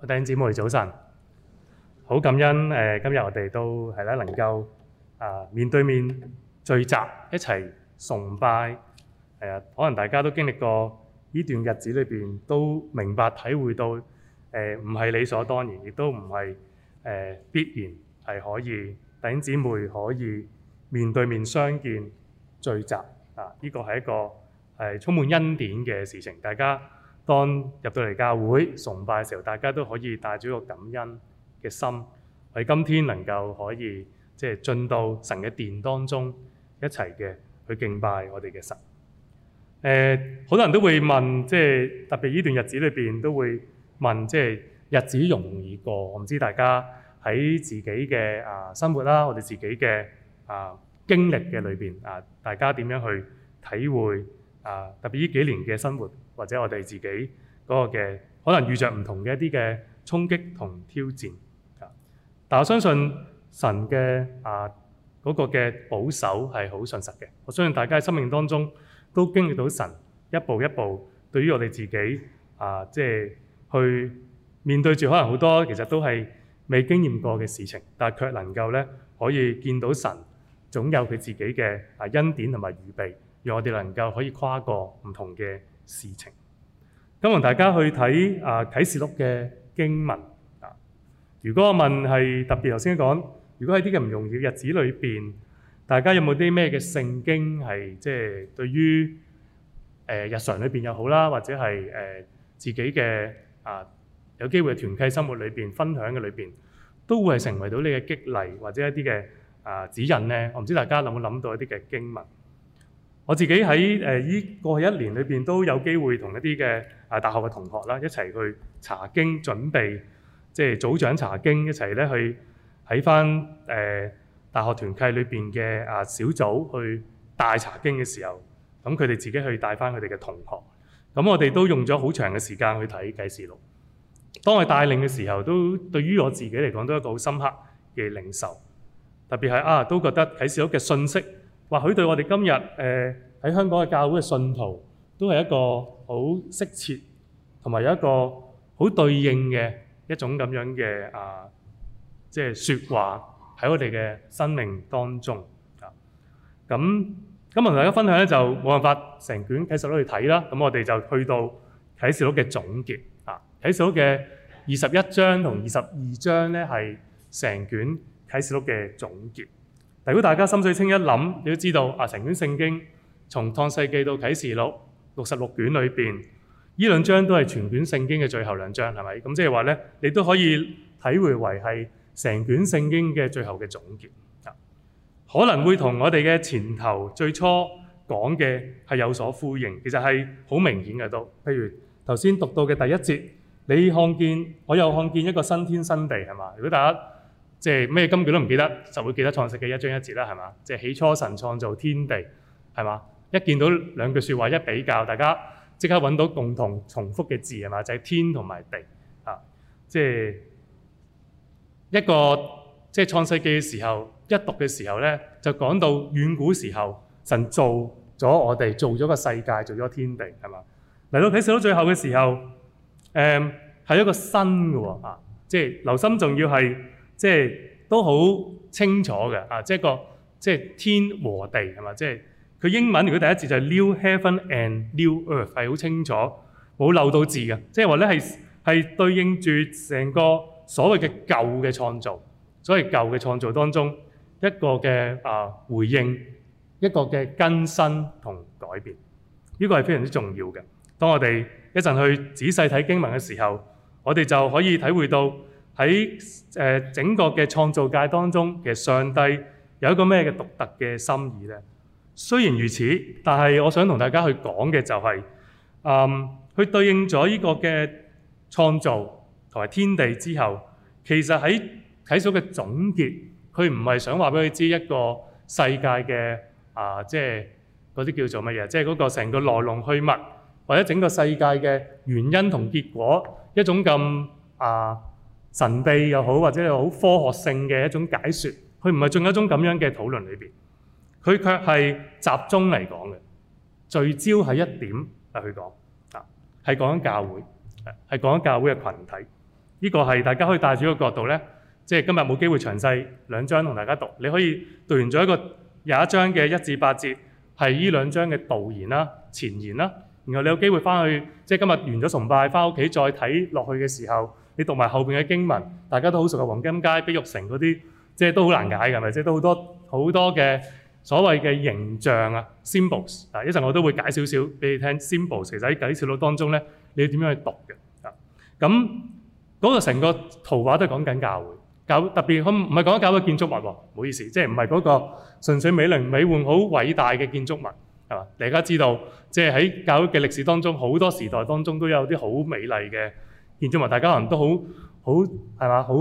弟兄姊妹早晨，好感恩、呃、今日我哋都係能夠啊面對面聚集一齊崇拜、呃，可能大家都經歷過呢段日子裏面，都明白體會到誒唔係理所當然，亦都唔係、呃、必然係可以弟兄姊妹可以面對面相見聚集啊！呢個係一個、呃、充滿恩典嘅事情，大家。當入到嚟教會崇拜嘅時候，大家都可以帶住一個感恩嘅心，喺今天能夠可以即係進到神嘅殿當中一齊嘅去敬拜我哋嘅神。誒，好多人都會問，即係特別呢段日子裏邊都會問，即係日子容易過，我唔知大家喺自己嘅啊生活啦，我哋自己嘅啊經歷嘅裏邊啊，大家點樣去體會啊？特別呢幾年嘅生活。或者我哋自己嗰個嘅可能遇著唔同嘅一啲嘅衝擊同挑戰啊，但我相信神嘅啊嗰個嘅保守係好信實嘅。我相信大家喺生命當中都經歷到神一步一步對於我哋自己啊，即係去面對住可能好多其實都係未經驗過嘅事情，但係卻能夠咧可以見到神總有佢自己嘅啊恩典同埋預備，讓我哋能夠可以跨過唔同嘅事情，咁同大家去睇啊啟示錄嘅經文啊。如果我問係特別，頭先講，如果喺啲嘅唔容易嘅日子裏邊，大家有冇啲咩嘅聖經係即係對於誒日常裏邊又好啦，或者係誒自己嘅啊有機會嘅團契生活裏邊分享嘅裏邊，都會係成為到你嘅激勵或者一啲嘅啊指引呢？我唔知大家有冇諗到一啲嘅經文。我自己喺呢過去一年裏邊都有機會同一啲嘅啊大學嘅同學啦，一齊去查經準備，即係組長查經一齊咧去喺翻誒大學團契裏邊嘅啊小組去帶查經嘅時候，咁佢哋自己去帶翻佢哋嘅同學，咁我哋都用咗好長嘅時間去睇《啟示錄》。當我帶領嘅時候，都對於我自己嚟講都係一個好深刻嘅領受，特別係啊都覺得《啟示錄》嘅信息。或許對我哋今日誒喺香港嘅教會嘅信徒都係一個好適切同埋有一個好對應嘅一種咁樣嘅啊，即係說話喺我哋嘅生命當中啊。咁今日同大家分享咧就冇辦法成卷啟示錄去睇啦。咁我哋就去到啟示錄嘅總結啊，啟示錄嘅二十一章同二十二章咧係成卷啟示錄嘅總結。但如果大家心水清一諗，你都知道啊，成卷聖經從創世記到啟示錄六十六卷裏邊，呢兩章都係全卷聖經嘅最後兩章，係咪？咁即係話呢，你都可以體會為係成卷聖經嘅最後嘅總結，可能會同我哋嘅前頭最初講嘅係有所呼應，其實係好明顯嘅都。譬如頭先讀到嘅第一節，你看見我又看見一個新天新地，係嘛？如果大家，即係咩金句都唔記得，就會記得創世記一章一節啦，係嘛？即係起初神創造天地，係嘛？一見到兩句說話一比較，大家即刻揾到共同重複嘅字，係嘛？就係天同埋地啊！即係一個即係創世記嘅時候，一讀嘅時候咧，就講到遠古時候，神做咗我哋，做咗個世界，做咗天地，係嘛？嚟到睇曬到最後嘅時候，誒係一個新嘅喎啊！即係留心，仲要係。即係都好清楚嘅，啊、即係，即係個即係天和地係嘛？即係佢英文如果第一字就係 New Heaven and New Earth，係好清楚，冇漏到字嘅。即係話咧係係對應住成個所謂嘅舊嘅創造，所謂舊嘅創造當中一個嘅啊回應，一個嘅更新同改變，呢、呢個係非常之重要嘅。當我哋一陣去仔細睇經文嘅時候，我哋就可以體會到。喺誒整個嘅創造界當中，嘅上帝有一個咩嘅獨特嘅心意呢？雖然如此，但係我想同大家去講嘅就係、是，嗯，佢對應咗呢個嘅創造同埋天地之後，其實喺啟示嘅總結，佢唔係想話俾你知一個世界嘅啊，即係嗰啲叫做乜嘢？即係嗰個成個來龍去脈，或者整個世界嘅原因同結果，一種咁啊～神秘又好，或者係好科學性嘅一種解説，佢唔係進入一種咁樣嘅討論裏邊，佢卻係集中嚟講嘅，聚焦喺一點嚟去講啊，係講緊教會，係講緊教會嘅群體。呢、呢個係大家可以帶住一個角度呢，即係今日冇機會詳細兩章同大家讀，你可以讀完咗一個廿一章嘅一至八節，係呢兩章嘅導言啦、前言啦，然後你有機會翻去，即係今日完咗崇拜，翻屋企再睇落去嘅時候。你讀埋後邊嘅經文，大家都好熟嘅黃金街、碧玉城嗰啲，即係都好難解嘅，係咪？即係都好多好多嘅所謂嘅形象啊，symbols 啊，一陣我都會解少少俾你聽。symbols 其實喺解呢條路當中咧，你要點樣去讀嘅？啊，咁嗰個成個圖畫都係講緊教會，教特別唔係講緊教會建築物喎，唔好意思，即係唔係嗰個純粹美輪美奐好偉大嘅建築物係嘛？大家知道，即係喺教會嘅歷史當中，好多時代當中都有啲好美麗嘅。建築物大家可能都好好係嘛，好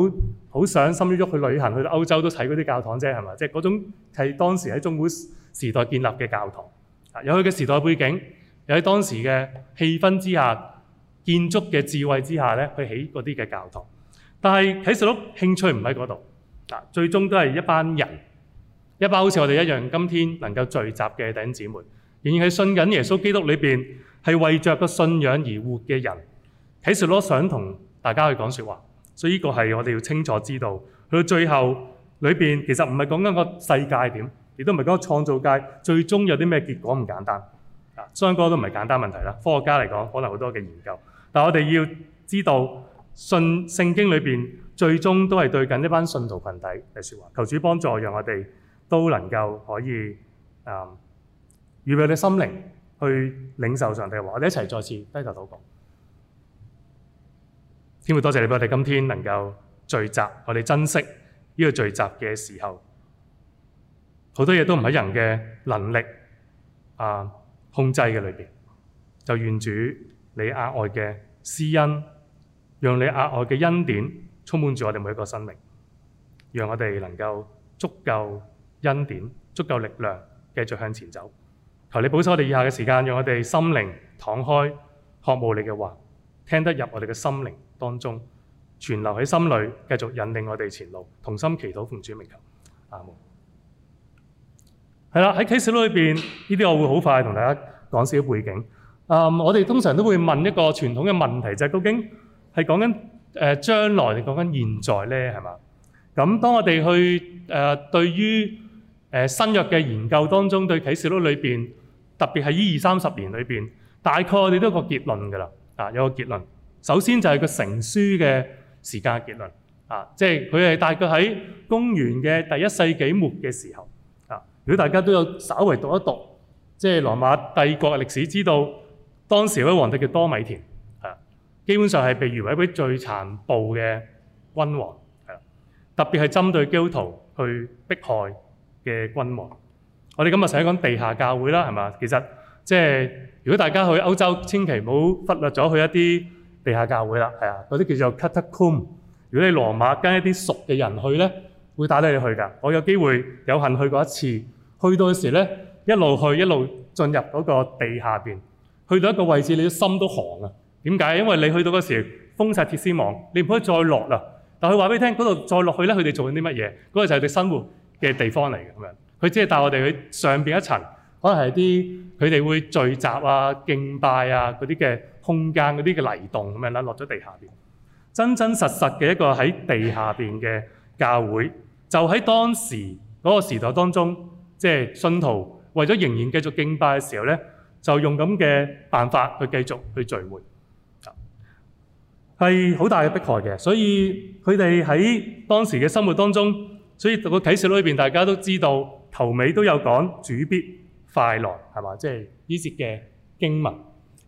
好想心郁郁去旅行，去到歐洲都睇嗰啲教堂啫，係嘛？即係嗰種係當時喺中古時代建立嘅教堂，有佢嘅時代背景，有喺當時嘅氣氛之下，建築嘅智慧之下咧，去起嗰啲嘅教堂。但係啟示錄興趣唔喺嗰度，嗱，最終都係一班人，一班好似我哋一樣，今天能夠聚集嘅弟兄姊妹，仍然係信緊耶穌基督裏邊，係為着個信仰而活嘅人。其實我想同大家去講説話，所以呢個係我哋要清楚知道。去到最後裏邊，其實唔係講緊個世界點，亦都唔係講創造界最終有啲咩結果唔簡單。啊，相關都唔係簡單問題啦。科學家嚟講，可能好多嘅研究。但係我哋要知道，信聖經裏邊最終都係對緊一班信徒群體嚟説話。求主幫助，讓我哋都能夠可以啊、嗯、預備你心靈去領受上帝嘅話。我哋一齊再次低頭禱告。天父多謝你，畀我哋今天能夠聚集，我哋珍惜呢個聚集嘅時候，好多嘢都唔係人嘅能力啊控制嘅裏邊，就願主你額外嘅施恩，讓你額外嘅恩典充滿住我哋每一個生命，讓我哋能夠足夠恩典、足夠力量，繼續向前走。求你保守我哋以下嘅時間，讓我哋心靈敞開，渴慕你嘅話，聽得入我哋嘅心靈。當中存留喺心裏，繼續引領我哋前路，同心祈禱奉主名求。阿門。係啦，喺啟示錄裏邊，呢啲我會好快同大家講少啲背景。啊，我哋通常都會問一個傳統嘅問題，就係究竟係講緊誒將來定講緊現在咧，係嘛？咁當我哋去誒對於新約嘅研究當中，對啟示錄裏面，特別係呢二三十年裏面，大概我哋都有個結論㗎啦。啊，有個結論。首先就係個成書嘅時間結論，啊，即係佢係大概喺公元嘅第一世紀末嘅時候，啊，如果大家都有稍微讀一讀，即係羅馬帝國歷史，知道當時嗰皇帝叫多米田，係啦，基本上係被譽為一位最殘暴嘅君王，係啦，特別係針對基督徒去迫害嘅君王。我哋今日成日講地下教會啦，係嘛？其實即係、就是、如果大家去歐洲，千祈唔好忽略咗去一啲。地下教會啦，係啊，嗰啲叫做 Catacomb。如果你羅馬跟一啲熟嘅人去咧，會帶得你去㗎。我有機會有幸去過一次，去到嘅時咧一路去一路進入嗰個地下邊，去到一個位置你心都寒啊！點解？因為你去到嗰時封晒鐵絲網，你唔可以再落啦。但佢話俾你聽，嗰度再落去咧，佢哋做緊啲乜嘢？嗰個就係佢哋生活嘅地方嚟嘅咁樣。佢只係帶我哋去上邊一層，可能係啲佢哋會聚集啊、敬拜啊嗰啲嘅。空間嗰啲嘅泥洞咁樣啦，落咗地下邊，真真實實嘅一個喺地下邊嘅教會，就喺當時嗰個時代當中，即係信徒為咗仍然繼續敬拜嘅時候咧，就用咁嘅辦法去繼續去聚會，係好大嘅迫害嘅，所以佢哋喺當時嘅生活當中，所以個啟示錄裏邊大家都知道頭尾都有講主必快來，係嘛？即係呢節嘅經文。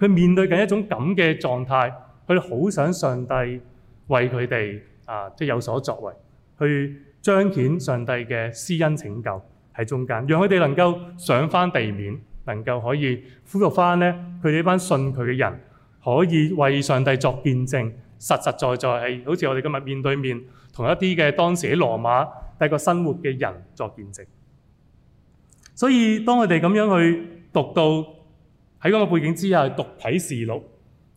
佢面對緊一種咁嘅狀態，佢好想上帝為佢哋啊，即、就是、有所作為，去彰顯上帝嘅施恩拯救喺中間，讓佢哋能夠上翻地面，能夠可以呼喚翻呢佢哋班信佢嘅人可以為上帝作見證，實實在在係好似我哋今日面對面同一啲嘅當時喺羅馬帝國生活嘅人作見證。所以當佢哋咁樣去讀到。喺嗰個背景之下，讀啟示錄，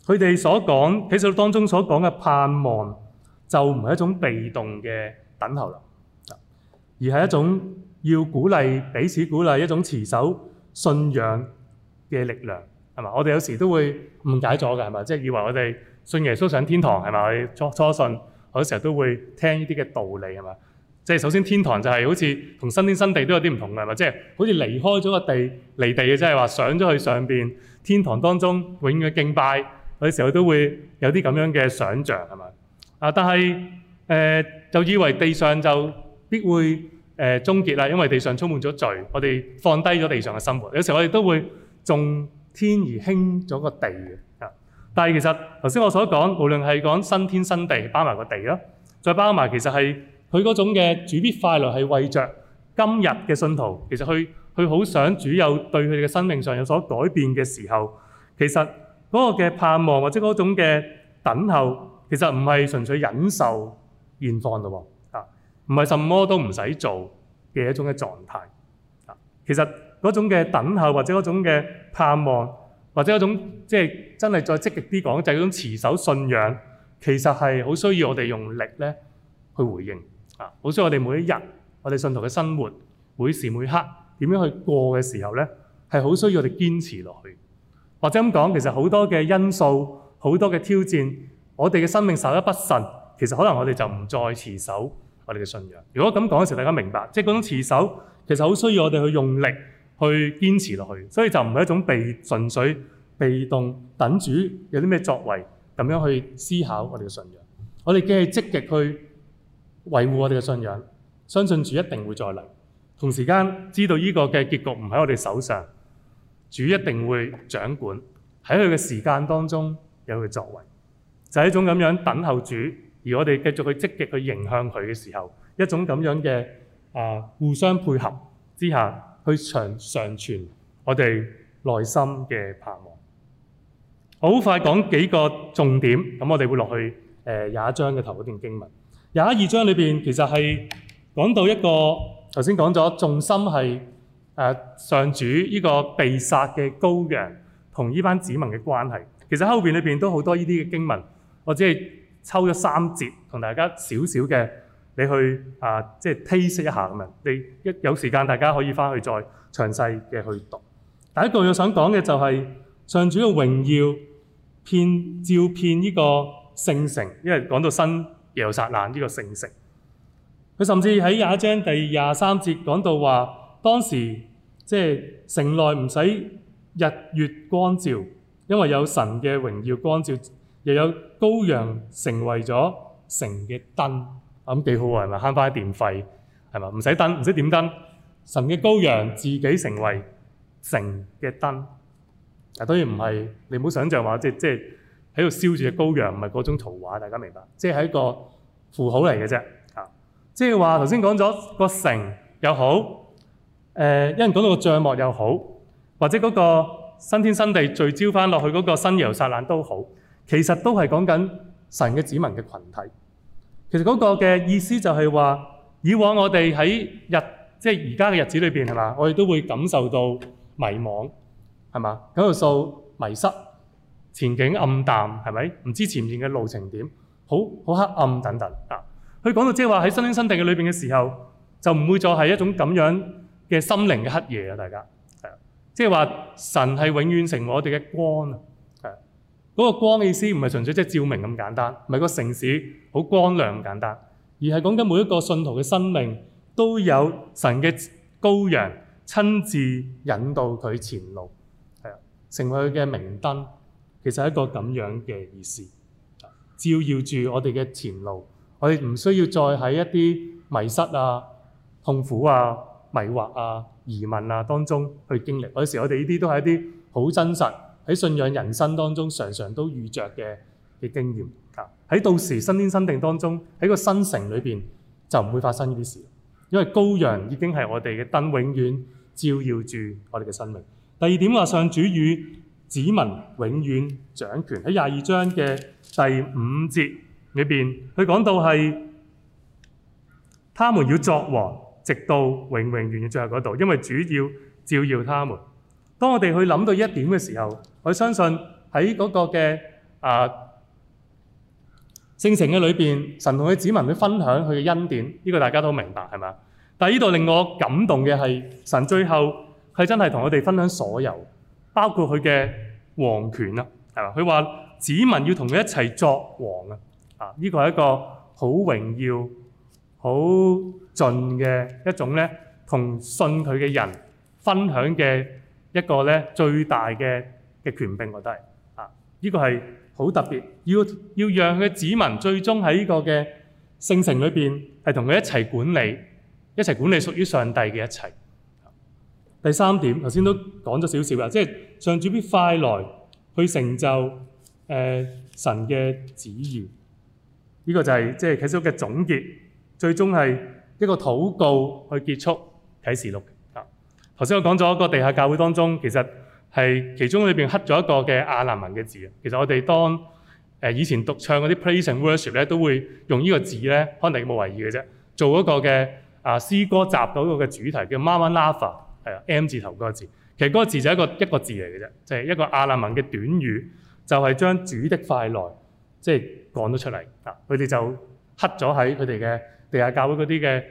佢哋所講《啟示錄》當中所講嘅盼望，就唔係一種被動嘅等候啦，而係一種要鼓勵彼此鼓勵，一種持守信仰嘅力量，係嘛？我哋有時都會誤解咗嘅，係嘛？即係以為我哋信耶穌上天堂係嘛？我哋初初信好多時候都會聽呢啲嘅道理係嘛？即係首先，天堂就係好似同新天新地都有啲唔同嘅，係咪？即係好似離開咗個地離地嘅，即係話上咗去上邊天堂當中永遠敬拜。有時候都會有啲咁樣嘅想像係嘛啊？但係誒、呃、就以為地上就必會誒、呃、終結啦，因為地上充滿咗罪，我哋放低咗地上嘅生活。有時候我哋都會重天而輕咗個地嘅啊。但係其實頭先我所講，無論係講新天新地包埋個地咯，再包埋其實係。佢嗰種嘅主必快樂係為着今日嘅信徒，其實佢佢好想主有對佢哋嘅生命上有所改變嘅時候，其實嗰個嘅盼望或者嗰種嘅等候，其實唔係純粹忍受現況咯，啊，唔係什麼都唔使做嘅一種嘅狀態，啊，其實嗰種嘅等候或者嗰種嘅盼望或者嗰種即係真係再積極啲講，就係嗰種持守信仰，其實係好需要我哋用力咧去回應。啊！好需要我哋每一日，我哋信徒嘅生活每時每刻點樣去過嘅時候呢，係好需要我哋堅持落去。或者咁講，其實好多嘅因素，好多嘅挑戰，我哋嘅生命稍一不慎，其實可能我哋就唔再持守我哋嘅信仰。如果咁講嘅時候，大家明白，即係嗰種持守其實好需要我哋去用力去堅持落去。所以就唔係一種被純粹被動等住有啲咩作為咁樣去思考我哋嘅信仰。我哋嘅係積極去。維護我哋嘅信仰，相信主一定會再嚟。同時間知道呢個嘅結局唔喺我哋手上，主一定會掌管喺佢嘅時間當中有佢作為，就係、是、一種咁樣等候主，而我哋繼續去積極去迎向佢嘅時候，一種咁樣嘅啊、呃、互相配合之下，去常常存我哋內心嘅盼望。好快講幾個重點，咁我哋會落去誒廿、呃、一章嘅頭嗰段經文。廿一二章裏邊其實係講到一個頭先講咗重心係，誒，上主呢個被殺嘅羔羊同呢班子民嘅關係。其實後邊裏邊都好多呢啲經文，我只係抽咗三節同大家少少嘅你去啊，即係 taste 一下咁樣。你一有時間大家可以翻去再詳細嘅去讀。第一個我想講嘅就係上主嘅榮耀遍照遍呢個聖城，因為講到新。又有殺難呢個聖城,城，佢甚至喺廿一章第廿三節講到話，當時即係城內唔使日月光照，因為有神嘅榮耀光照，又有羔羊成為咗城嘅燈,燈，咁幾好喎，係咪慳翻啲電費，係咪？唔使燈，唔使點燈，神嘅羔羊自己成為城嘅燈。但當然唔係，你唔好想象話即係即係。喺度燒住嘅羔羊，唔係嗰種圖畫，大家明白？即係一個符號嚟嘅啫，嚇、就是！即係話頭先講咗個城又好，誒、呃，一人講到個帳幕又好，或者嗰個新天新地聚焦翻落去嗰個新耶路撒冷都好，其實都係講緊神嘅子民嘅群體。其實嗰個嘅意思就係話，以往我哋喺日，即係而家嘅日子裏邊係嘛，我哋都會感受到迷茫，係嘛？感受到迷失。前景暗淡係咪？唔知前面嘅路程點，好好黑暗等等啊！佢講到即係話喺新天新地嘅裏邊嘅時候，就唔會再係一種咁樣嘅心靈嘅黑夜啊！大家係啊，即係話神係永遠成為我哋嘅光啊！係嗰個光嘅意思唔係純粹即係照明咁簡單，唔係個城市好光亮咁簡單，而係講緊每一個信徒嘅生命都有神嘅羔羊親自引導佢前路，係啊，成為佢嘅明燈。其實係一個咁樣嘅意思，照耀住我哋嘅前路，我哋唔需要再喺一啲迷失啊、痛苦啊、迷惑啊、疑問啊當中去經歷。有時我哋呢啲都係一啲好真實喺信仰人生當中常常都遇著嘅嘅經驗。喺到時新天新地當中，喺個新城裏邊就唔會發生呢啲事，因為羔羊已經係我哋嘅燈，永遠照耀住我哋嘅生命。第二點話上主語。子民永遠掌權，喺廿二章嘅第五節裏邊，佢講到係他們要作王，直到永永遠遠最後嗰度，因為主要照耀他們。當我哋去諗到一點嘅時候，我相信喺嗰個嘅啊聖城嘅裏邊，神同佢子民去分享佢嘅恩典，呢個大家都明白係嘛？但係呢度令我感動嘅係神最後係真係同我哋分享所有。包括佢嘅王權啊，係嘛？佢話子民要同佢一齊作王啊！啊，呢個係一個好榮耀、好盡嘅一種咧，同信佢嘅人分享嘅一個咧最大嘅嘅權柄，我都係啊，呢個係好特別，要要讓佢嘅子民最終喺呢個嘅聖城裏邊係同佢一齊管理，一齊管理屬於上帝嘅一切。第三點，頭先都講咗少少啦，即係上主必快來去成就誒、呃、神嘅旨意，呢、這個就係、是、即係啟示錄嘅總結，最終係一個禱告去結束啟示錄。頭先我講咗一個地下教會當中，其實係其中裏邊刻咗一個嘅亞蘭文嘅字啊。其實我哋當誒以前獨唱嗰啲 praise and worship 咧，都會用呢個字咧，可能你冇為意嘅啫，做一個嘅啊詩歌集到一個主題叫 Maranatha 係啊，M 字頭嗰個字，其實嗰個字就係一個一個字嚟嘅啫，就係一個亞蘭文嘅短語，就係將主的快來即係講咗出嚟啊！佢哋就刻咗喺佢哋嘅地下教會嗰啲嘅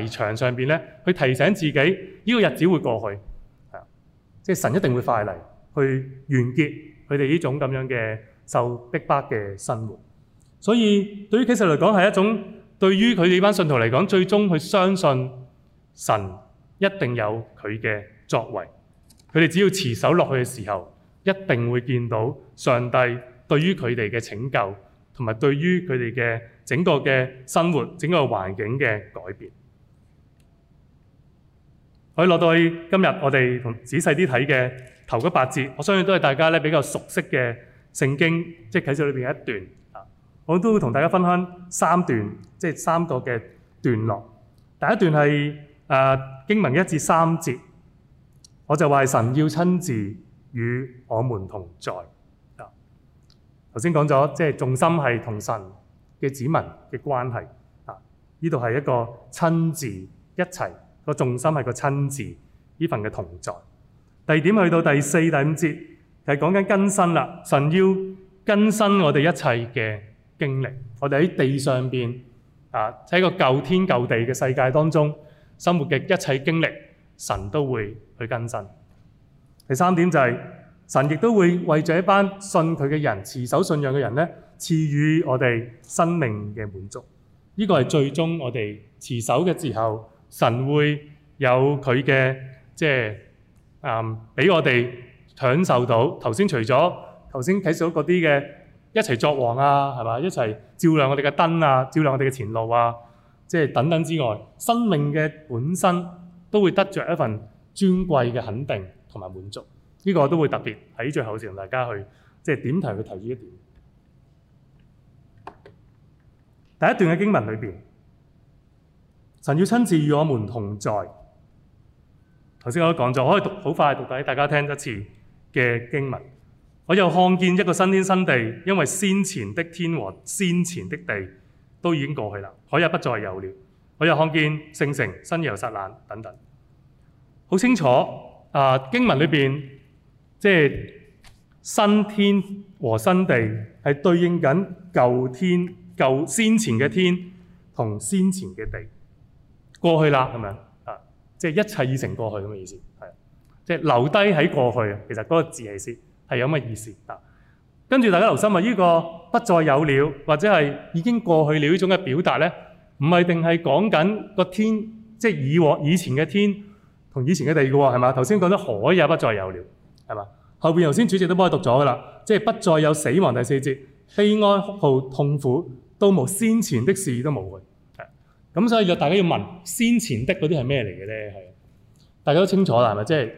泥牆上邊咧，去提醒自己呢個日子會過去，係啊，即係神一定會快嚟去完結佢哋呢種咁樣嘅受逼迫嘅生活。所以對於其實嚟講係一種對於佢哋班信徒嚟講，最終去相信神。一定有佢嘅作為，佢哋只要持守落去嘅時候，一定會見到上帝對於佢哋嘅拯救，同埋對於佢哋嘅整個嘅生活、整個環境嘅改變。可以落到去今日，我哋同仔細啲睇嘅頭嗰八節，我相信都係大家咧比較熟悉嘅聖經，即係啟示裏邊一段啊。我都會同大家分享三段，即係三個嘅段落。第一段係誒。呃經文一至三節，我就話係神要親自與我們同在。啊，頭先講咗，即係重心係同神嘅子民嘅關係。啊，呢度係一個親自一齊，個重心係個親自呢份嘅同在。第二點去到第四、第五節，就係講緊更新啦。神要更新我哋一切嘅經歷。我哋喺地上邊啊，喺個舊天舊地嘅世界當中。生活嘅一切經歷，神都會去更新。第三點就係、是、神亦都會為着一班信佢嘅人、持守信仰嘅人呢，賜予我哋生命嘅滿足。呢、這個係最終我哋持守嘅時候，神會有佢嘅即係啊，俾、嗯、我哋享受到頭先除咗頭先睇到嗰啲嘅一齊作王啊，係嘛，一齊照亮我哋嘅燈啊，照亮我哋嘅前路啊。即係等等之外，生命嘅本身都會得着一份尊貴嘅肯定同埋滿足，呢、這個我都會特別喺最後時同大家去即係點題去提呢一點。第一段嘅經文裏面，神要親自與我們同在。頭先我都講咗，我可以好快讀俾大家聽一次嘅經文。我又看見一個新天新地，因為先前的天和先前的地，都已經過去啦，海也不再有了。我又看見聖城、新耶路撒冷等等，好清楚。啊，經文裏面，即係新天和新地，係對應緊舊天、舊先前嘅天同先前嘅地，過去啦咁樣啊，即係一切已成過去咁嘅意思係，即係留低喺過去。其實嗰個字係是係有乜意思啊？跟住大家留心啊！呢個不再有了，或者係已經過去了呢種嘅表達呢，唔係定係講緊個天，即係以往以前嘅天同以前嘅地嘅喎，係嘛？頭先講咗海也不再有了，係嘛？後邊頭先主席都幫你讀咗噶啦，即係不再有死亡第四節，悲哀、哭號、痛苦、都無先前的事都冇嘅，係咁，所以就大家要問先前的嗰啲係咩嚟嘅咧？係，大家都清楚啦，係咪？即係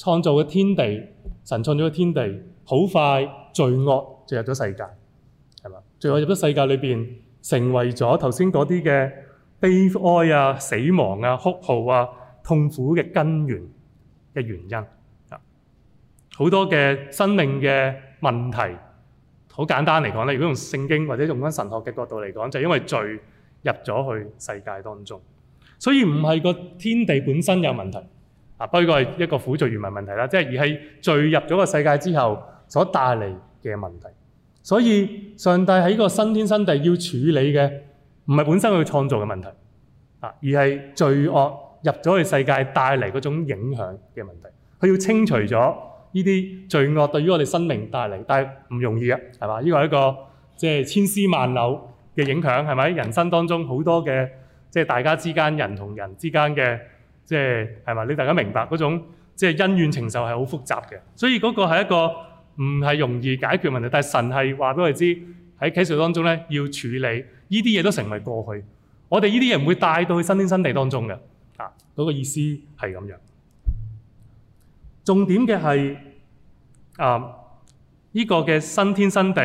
創造嘅天地，神創造嘅天地，好快。罪惡進入咗世界，係嘛？罪惡入咗世界裏邊，成為咗頭先嗰啲嘅悲哀啊、死亡啊、哭號啊、痛苦嘅根源嘅原因啊，好多嘅生命嘅問題。好簡單嚟講咧，如果用聖經或者用翻神學嘅角度嚟講，就係因為罪入咗去世界當中，所以唔係個天地本身有問題啊。不過係一個苦罪愚文問題啦，即係而係罪入咗個世界之後。所帶嚟嘅問題，所以上帝喺個新天新地要處理嘅，唔係本身佢創造嘅問題，而係罪惡入咗去世界帶嚟嗰種影響嘅問題。佢要清除咗呢啲罪惡對於我哋生命帶嚟，但係唔容易啊，係嘛？呢個係一個即係千絲萬縷嘅影響，係咪？人生當中好多嘅即係大家之間人同人之間嘅即係係嘛？你大家明白嗰種即係恩怨情仇係好複雜嘅，所以嗰個係一個。唔係容易解決問題，但係神係話俾我哋知喺企訴當中咧，要處理呢啲嘢都成為過去。我哋呢啲嘢唔會帶到去新天新地當中嘅啊。嗰個意思係咁樣。重點嘅係啊，呢個嘅新天新地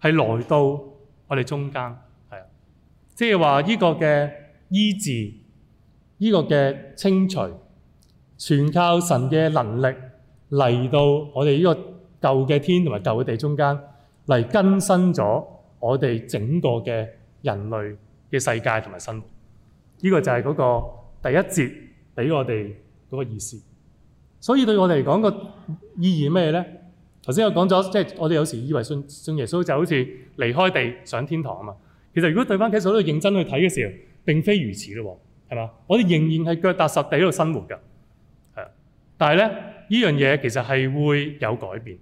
係來到我哋中間，係啊，即係話呢個嘅醫治，呢個嘅清除，全靠神嘅能力嚟到我哋呢個。舊嘅天同埋舊嘅地中間嚟更新咗我哋整個嘅人類嘅世界同埋生活，呢個就係嗰個第一節俾我哋嗰個意思。所以對我哋嚟講個意義咩咧？頭先我講咗，即係我哋有時以為信信耶穌就好似離開地上天堂啊嘛。其實如果對翻基督，我哋認真去睇嘅時候，並非如此咯，係嘛？我哋仍然係腳踏實地喺度生活㗎，係啊。但係咧，呢樣嘢其實係會有改變。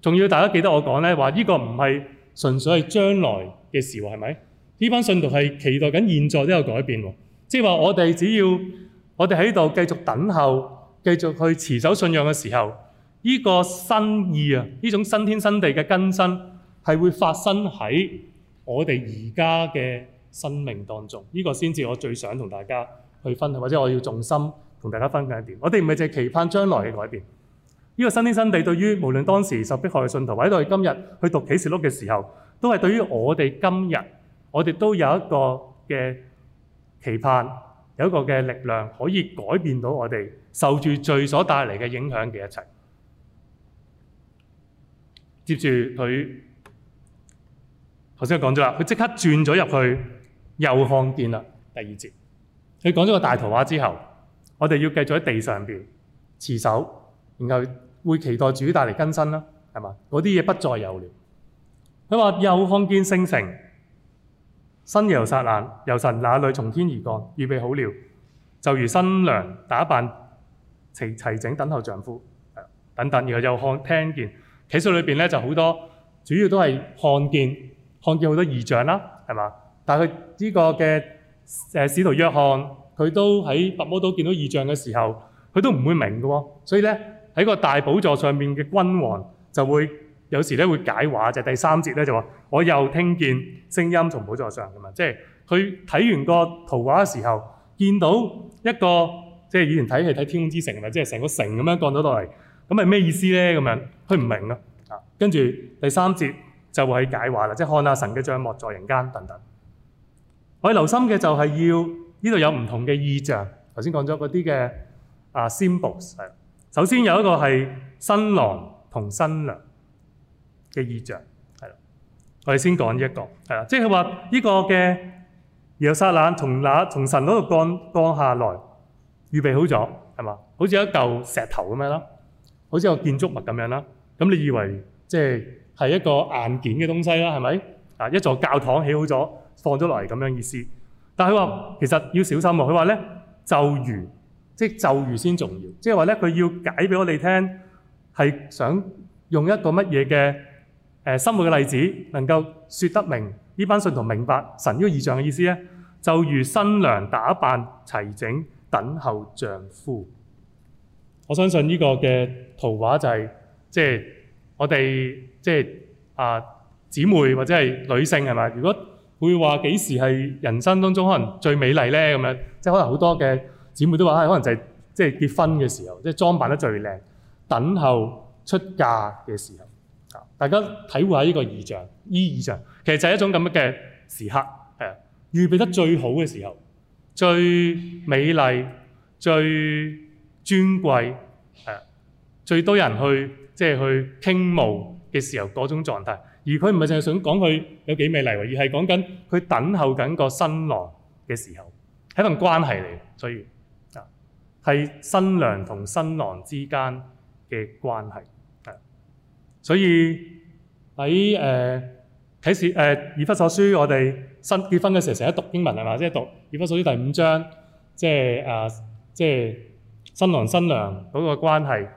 仲要大家記得我講咧，話呢個唔係純粹係將來嘅事喎，係咪？呢班信徒係期待緊現在都有改變喎，即係話我哋只要我哋喺度繼續等候，繼續去持守信仰嘅時候，呢個新意啊，呢種新天新地嘅更新係會發生喺我哋而家嘅生命當中，呢個先至我最想同大家去分享，或者我要重心同大家分享一點，我哋唔係淨係期盼將來嘅改變。呢個新天新地對於無論當時受迫害嘅信徒，或者對今日去讀啟示錄嘅時候，都係對於我哋今日，我哋都有一個嘅期盼，有一個嘅力量，可以改變到我哋受住罪所帶嚟嘅影響嘅一切。接住佢頭先講咗啦，佢即刻轉咗入去，又看見啦第二節。佢講咗個大圖畫之後，我哋要繼續喺地上邊持守，然後。會期待主帶嚟更新啦，係嘛？嗰啲嘢不再有了。佢話又看見聖城，新耶路撒冷，由神那裏從天而降，預備好了，就如新娘打扮齊齊整等候丈夫，等等。然後又看聽見啟示錄裏面咧就好多，主要都係看見看見好多異象啦，係嘛？但佢呢個嘅誒使徒約翰，佢都喺拔摩島見到異象嘅時候，佢都唔會明嘅喎，所以咧。喺個大寶座上面嘅君王就會有時咧會解話，就是、第三節咧就話：我又聽見聲音從寶座上咁樣！即係佢睇完個圖畫嘅時候，見到一個即係、就是、以前睇戲睇天空之城，咪即係成個城咁樣降咗落嚟，咁係咩意思咧？咁樣佢唔明啊！啊，跟住第三節就會係解話啦，即、就、係、是、看下神嘅帳幕在人間等等。我哋留心嘅就係要呢度有唔同嘅意象，頭先講咗嗰啲嘅啊 symbols。首先有一個係新郎同新娘嘅意象，係啦，我哋先講呢一個，係啦，即係話呢個嘅耶路撒冷從哪從神嗰度降降下來，預備好咗，係嘛？好似一嚿石頭咁樣啦，好似個建築物咁樣啦。咁你以為即係係一個硬件嘅東西啦，係咪？啊，一座教堂起好咗，放咗落嚟咁樣意思。但係話其實要小心喎，佢話咧就如。即就如先重要，即係話咧，佢要解俾我哋聽，係想用一個乜嘢嘅，誒生活嘅例子，能夠說得明呢班信徒明白神呢個意象嘅意思咧。就如新娘打扮齊整，等候丈夫。我相信呢個嘅圖畫就係即係我哋即係啊姊妹或者係女性係咪，如果會話幾時係人生當中可能最美麗咧，咁樣即係可能好多嘅。姊妹都話：啊，可能就係即係結婚嘅時候，即係裝扮得最靚，等候出嫁嘅時候。啊，大家體會下呢個異象，依異象其實就係一種咁樣嘅時刻，係啊，預備得最好嘅時候，最美麗、最尊貴，係啊，最多人去即係去傾慕嘅時候嗰種狀態。而佢唔係淨係想講佢有幾美麗喎，而係講緊佢等候緊個新郎嘅時候，係一份關係嚟，所以。係新娘同新郎之間嘅關係，係，所以喺誒、呃、啟示誒、呃、以弗所書，我哋新結婚嘅時候成日讀英文係嘛，即係、就是、讀以弗所書第五章，即係啊，即係新郎新娘嗰個關係，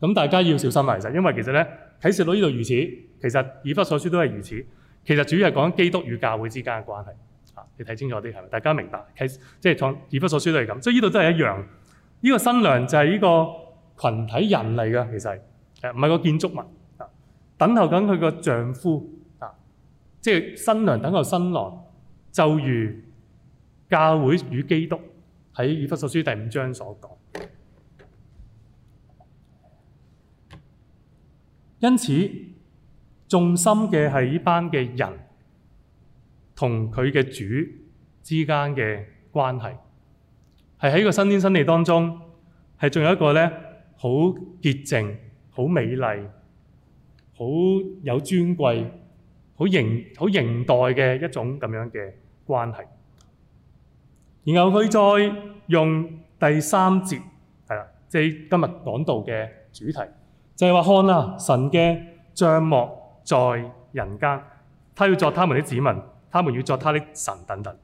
咁大家要小心埋實，因為其實咧啟示到呢度如此，其實以弗所書都係如此，其實主要係講基督與教會之間嘅關係，嚇、啊、你睇清楚啲係咪？大家明白？啟即係創以弗所書都係咁，所以呢度都係一樣。呢個新娘就係呢個群體人嚟㗎，其實誒唔係個建築物，等候緊佢個丈夫啊，即係新娘等候新郎，就如教會與基督喺以弗所書第五章所講，因此重心嘅係呢班嘅人同佢嘅主之間嘅關係。係喺個新天新地當中，係仲有一個咧，好潔淨、好美麗、好有尊貴、好形好形代嘅一種咁樣嘅關係。然後佢再用第三節係啦，即係、就是、今日講道嘅主題，就係、是、話看啊，神嘅帳幕在人間，他要作他們的子民，他們要作他的神等等，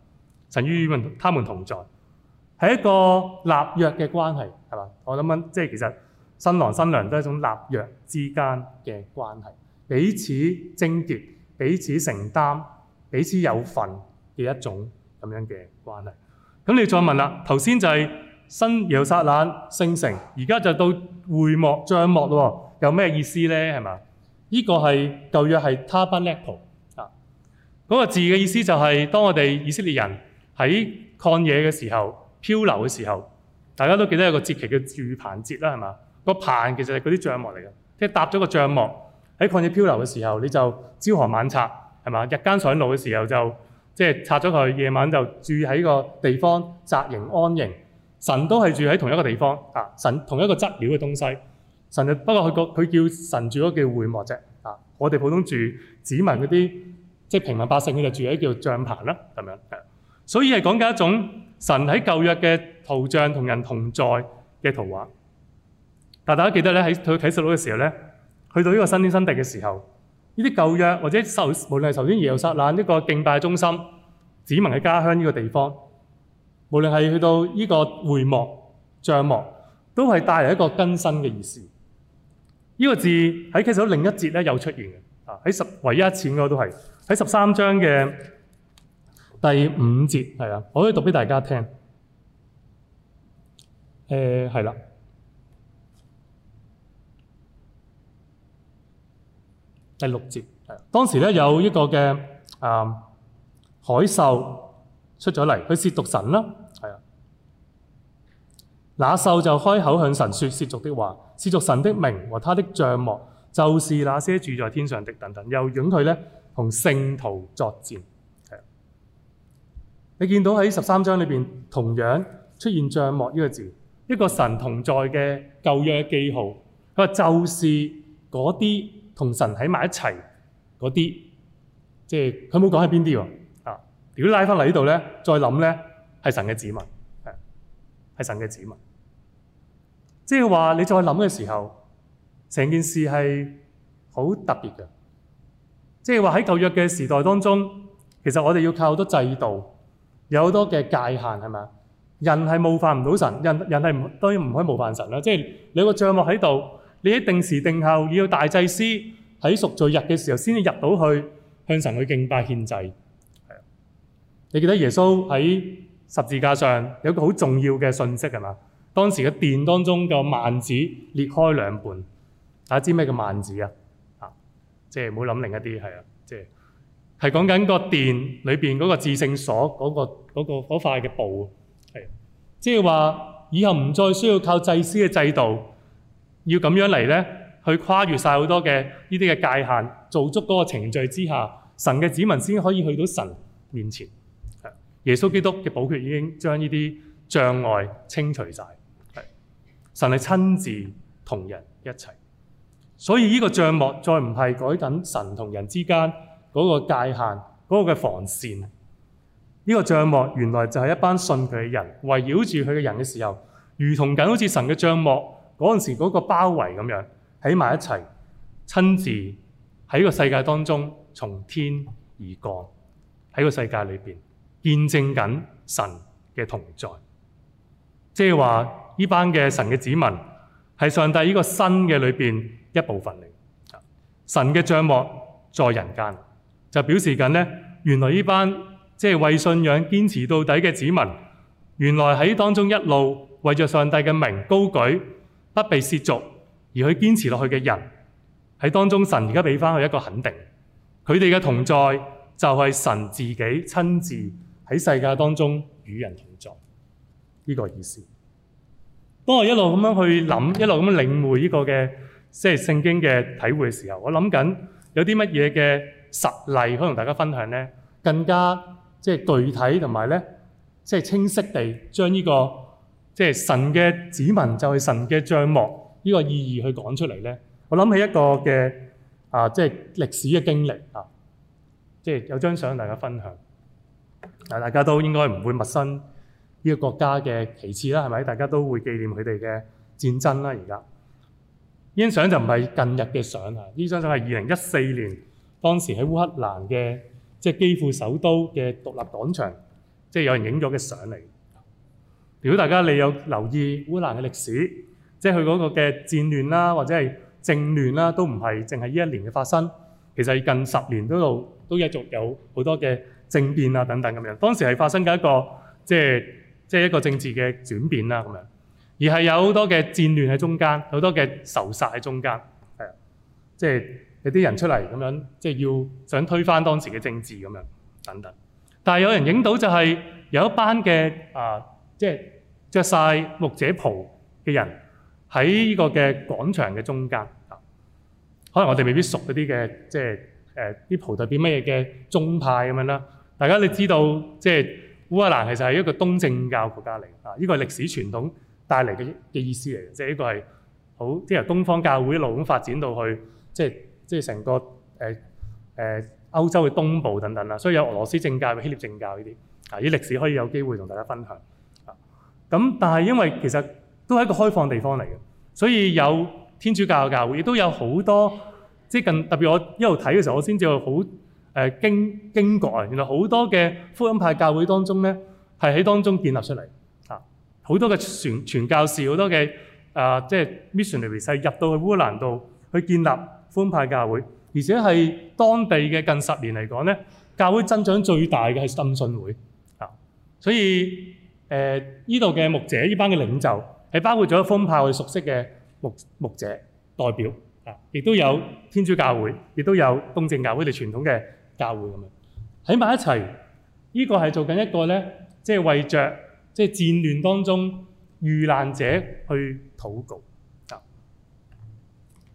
神與問他們同在。係一個立約嘅關係，係嘛？我諗緊，即係其實新郎新娘都係一種立約之間嘅關係，彼此貞潔，彼此承擔，彼此有份嘅一種咁樣嘅關係。咁你再問啦，頭先就係新耶路撒冷聖城，而家就到會幕、帳幕咯，有咩意思咧？係嘛？呢、這個係舊約係 Tabernacle 啊，嗰個字嘅意思就係當我哋以色列人喺曠野嘅時候。漂流嘅時候，大家都記得有個節期叫住棚節啦，係嘛？個棚其實係嗰啲帳幕嚟嘅，即係搭咗個帳幕喺曠野漂流嘅時候，你就朝行晚拆，係嘛？日間上路嘅時候就即係、就係、拆咗佢，夜晚就住喺個地方，紮營安營。神都係住喺同一個地方，啊，神同一個質料嘅東西。神就不過佢個佢叫神住嗰叫會幕啫，啊，我哋普通住子民嗰啲即係平民百姓，佢就住喺叫帳棚啦，係咪啊？所以係講緊一種。神喺舊約嘅圖像同人同在嘅圖畫，但大家記得咧，喺佢睇啟示錄嘅時候咧，去到呢個新天新地嘅時候，呢啲舊約或者受，無論係頭先耶路撒冷呢個敬拜中心、子民嘅家鄉呢個地方，無論係去到呢個會幕、帳幕，都係帶嚟一個更新嘅意思。呢、呢個字喺啟示錄另一節咧又出現嘅，啊喺十唯一一次應該都係喺十三章嘅。第五節係啊，我可以讀俾大家聽。誒係啦，第六節係啊。當時有一個嘅啊海獸出咗嚟，去褻瀆神啦。係啊，那獸就開口向神説褻瀆的話，褻瀆神的名和他的帳幕，就是那些住在天上的等等，又引佢呢同聖徒作戰。你見到喺十三章裏面同樣出現帳幕呢個字，一個神同在嘅舊約嘅記號。佢話就是嗰啲同神喺埋一齊嗰啲，即係佢冇講喺邊啲喎啊。如果拉返嚟呢度呢，再諗呢，係神嘅子民，係神嘅子民。即係話你再諗嘅時候，成件事係好特別㗎。即係話喺舊約嘅時代當中，其實我哋要靠好多制度。有好多嘅界限係嘛？人係冒犯唔到神，人人係唔，當然唔可以冒犯神啦。即係你有個帳幕喺度，你喺定時定候，要大祭司喺贖罪日嘅時候先至入到去向神去敬拜獻祭。係啊，你記得耶穌喺十字架上有個好重要嘅訊息係嘛？當時嘅殿當中嘅幔子裂開兩半，大家知咩叫幔子啊？啊，即係唔好諗另一啲係啊，即係係講緊個殿裏面嗰個至聖所嗰個嗰嗰塊嘅布，即係話以後唔再需要靠祭司嘅制度，要咁樣嚟咧去跨越晒好多嘅呢啲嘅界限，做足嗰個程序之下，神嘅子民先可以去到神面前。耶穌基督嘅寶血已經將呢啲障礙清除晒，神係親自同人一齊，所以呢個帳幕再唔係改等神同人之間。嗰個界限，嗰、嗰個嘅防線，呢、呢個帳幕原來就係一班信佢嘅人，圍繞住佢嘅人嘅時候，如同緊好似神嘅帳幕嗰陣時嗰個包圍咁樣，喺埋一齊，親自喺個世界當中從天而降，喺個世界裏面，見證緊神嘅同在，即係話呢班嘅神嘅子民係上帝呢個新嘅裏面一部分嚟，神嘅帳幕在人間。就表示緊呢，原來呢班即係為信仰堅持到底嘅子民，原來喺當中一路為着上帝嘅名高舉，不被褻瀆，而堅下去堅持落去嘅人，喺當中神而家畀返佢一個肯定，佢哋嘅同在就係神自己親自喺世界當中與人同在，呢個意思。當我一路咁樣去諗，一路咁樣領會呢個嘅即係聖經嘅體會嘅時候，我諗緊有啲乜嘢嘅。實例可同大家分享咧，更加即係具體同埋咧，即係清晰地將呢個即係神嘅指紋就係神嘅帳幕呢個意義去講出嚟咧。我諗起一個嘅啊，即係歷史嘅經歷啊，即係有張相大家分享，啊，大家都應該唔會陌生呢個國家嘅旗幟啦，係咪？大家都會紀念佢哋嘅戰爭啦。而家呢張相就唔係近日嘅相啊，呢張相係二零一四年。當時喺烏克蘭嘅即係幾乎首都嘅獨立廣場，即係有人影咗嘅相嚟。如果大家你有留意烏克蘭嘅歷史，即係佢嗰個嘅戰亂啦，或者係政亂啦，都唔係淨係呢一年嘅發生。其實近十年都度都一直有好多嘅政變啊等等咁樣。當時係發生緊一個即係即係一個政治嘅轉變啦咁樣，而係有好多嘅戰亂喺中間，好多嘅仇殺喺中間，係啊，即係。有啲人出嚟咁樣，即係要想推翻當時嘅政治咁樣等等。但係有人影到就係有一班嘅啊，即係著晒木者袍嘅人喺呢個嘅廣場嘅中間啊。可能我哋未必熟嗰啲嘅，即係誒啲袍代表乜嘢嘅宗派咁樣啦。大家你知道，即係烏克蘭其實係一個東正教國家嚟啊。呢個係歷史傳統帶嚟嘅嘅意思嚟嘅，即係呢個係好即係由東方教會一路咁發展到去即係。就是即係成個誒誒歐洲嘅東部等等啦，所以有俄羅斯正教、希臘正教呢啲啊，啲歷史可以有機會同大家分享啊。咁但係因為其實都係一個開放地方嚟嘅，所以有天主教嘅教會，亦都有好多即係近特別我一路睇嘅時候，我先至好誒驚驚覺啊！原來好多嘅福音派教會當中咧，係喺當中建立出嚟啊，好多嘅傳傳教士、好多嘅啊即、呃、係、就是、missionary 嘅入到去烏蘭度去建立。寬派教會，而且係當地嘅近十年嚟講咧，教會增長最大嘅係浸信會啊。所以誒，呢度嘅牧者呢班嘅領袖係包括咗寬派我哋熟悉嘅牧牧者代表啊，亦都有天主教會，亦都有東正教會，佢哋傳統嘅教會咁樣喺埋一齊。呢個係做緊一個咧，即係為着即係戰亂當中遇難者去禱告啊，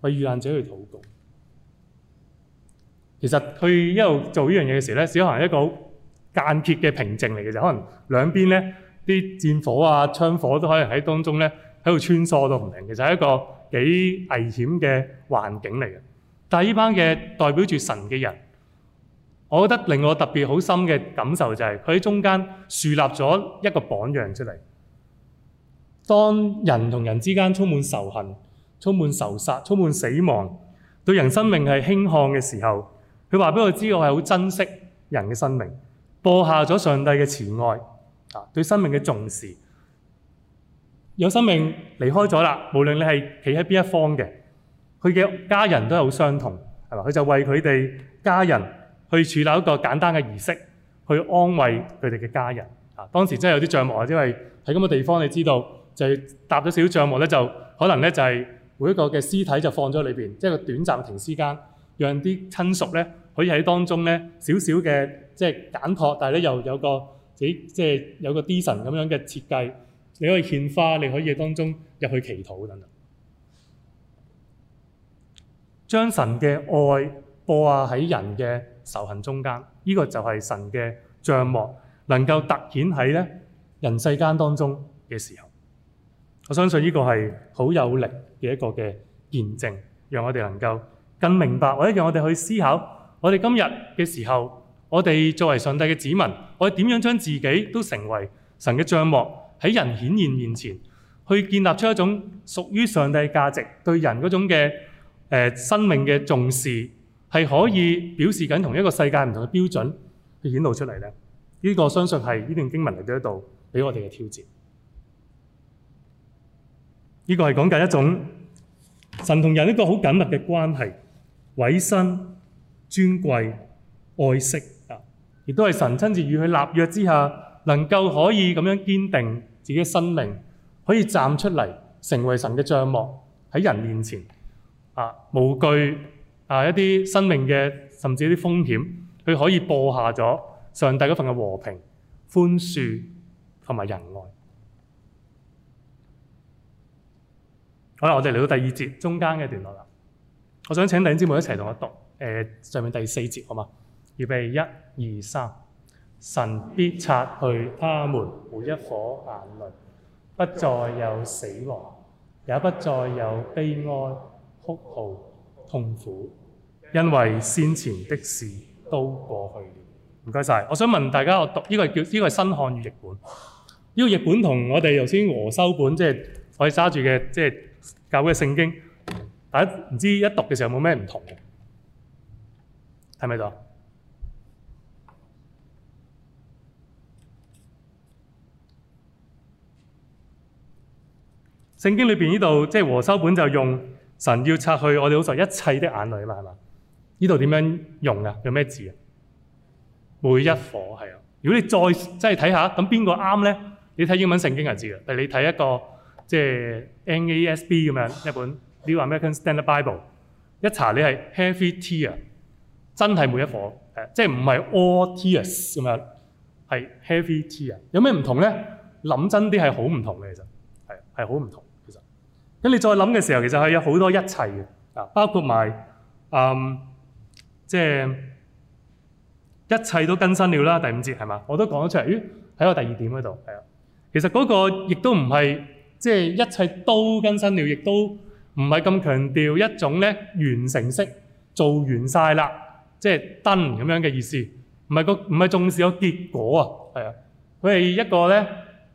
為遇難者去禱告。其實佢一路做呢樣嘢嘅時候呢，小行係一個好間歇嘅平靜嚟嘅，就可能兩邊呢啲戰火啊、槍火都可以喺當中呢喺度穿梭都唔停，其實係一個幾危險嘅環境嚟嘅。但係呢班嘅代表住神嘅人，我覺得令我特別好深嘅感受就係佢喺中間樹立咗一個榜樣出嚟。當人同人之間充滿仇恨、充滿仇殺、充滿死亡，對人生命係輕看嘅時候。佢話俾我知，我係好珍惜人嘅生命，播下咗上帝嘅慈愛，對生命嘅重視。有生命離開咗啦，無論你係企喺邊一方嘅，佢嘅家人都係好相同，係嘛？佢就為佢哋家人去處理一個簡單嘅儀式，去安慰佢哋嘅家人。啊，當時真係有啲帳幕啊，因為喺咁嘅地方，你知道，就搭咗少少帳幕就可能呢，就係每一個嘅屍體就放咗裏面，即、就、係、是、個短暫停屍間，讓啲親屬呢，可以喺當中呢，少少嘅即係簡樸，但係咧又有個自己即係有個啲神咁樣嘅設計。你可以獻花，你可以喺當中入去祈禱等等，將神嘅愛播下喺人嘅仇恨中間。呢、這個就係神嘅帳幕能夠突顯喺咧人世間當中嘅時候。我相信呢個係好有力嘅一個嘅見證，讓我哋能夠更明白，或者讓我哋去思考。我哋今日嘅時候，我哋作為上帝嘅子民，我哋點樣將自己都成為神嘅帳幕喺人顯現面前，去建立出一種屬於上帝價值對人嗰種嘅、呃、生命嘅重視，係可以表示緊同一個世界唔同嘅標準去顯露出嚟咧？呢個相信係呢段經文嚟到度俾我哋嘅挑戰。呢個係講緊一種神同人一個好緊密嘅關係，委身。尊貴、愛惜亦都係神親自與佢立約之下，能夠可以咁樣堅定自己嘅生命，可以站出嚟成為神嘅帳幕喺人面前啊，無懼啊一啲生命嘅甚至一啲風險，佢可以播下咗上帝嗰份嘅和平、寬恕同埋仁愛。好啦，我哋嚟到第二節中間嘅段落啦，我想請弟兄姊妹一齊同我讀。誒，上面第四節好嘛？預備，一、二、三。神必擦去他們每一顆眼淚，不再有死亡，也不再有悲哀、哭號、痛苦，因為先前的事都過去了。唔該晒，我想問大家，我讀呢個叫呢個係新漢語譯本，呢個譯本同我哋頭先和修本，即係我哋揸住嘅即係教嘅聖經，大家唔知一讀嘅時候有冇咩唔同？係咪啊？聖經裏面呢度即係和修本就用神要擦去我哋老實一切的眼淚嘛，係嘛？呢度點樣用啊？有咩字啊？每一顆係啊。如果你再即係睇下，咁邊個啱咧？你睇英文聖經就知啦。如你睇一個即係 NASB 咁樣一本 New American Standard Bible 一查，你係 every tear。真係每一課即係唔係 all tears 咁樣，係 heavy tears 有咩唔同呢？諗真啲係好唔同嘅，其實係好唔同。其實咁你再諗嘅時候，其實係有好多一切嘅啊，包括埋、嗯、即係一切都更新了啦。第五節係嘛？我都講咗出嚟。咦，喺我第二點嗰度，係啊。其實嗰個亦都唔係即係一切都更新了，亦都唔係咁強調一種咧完成式，做完晒啦。即係登咁樣嘅意思，唔係個唔係重視個結果啊，係啊，佢係一個咧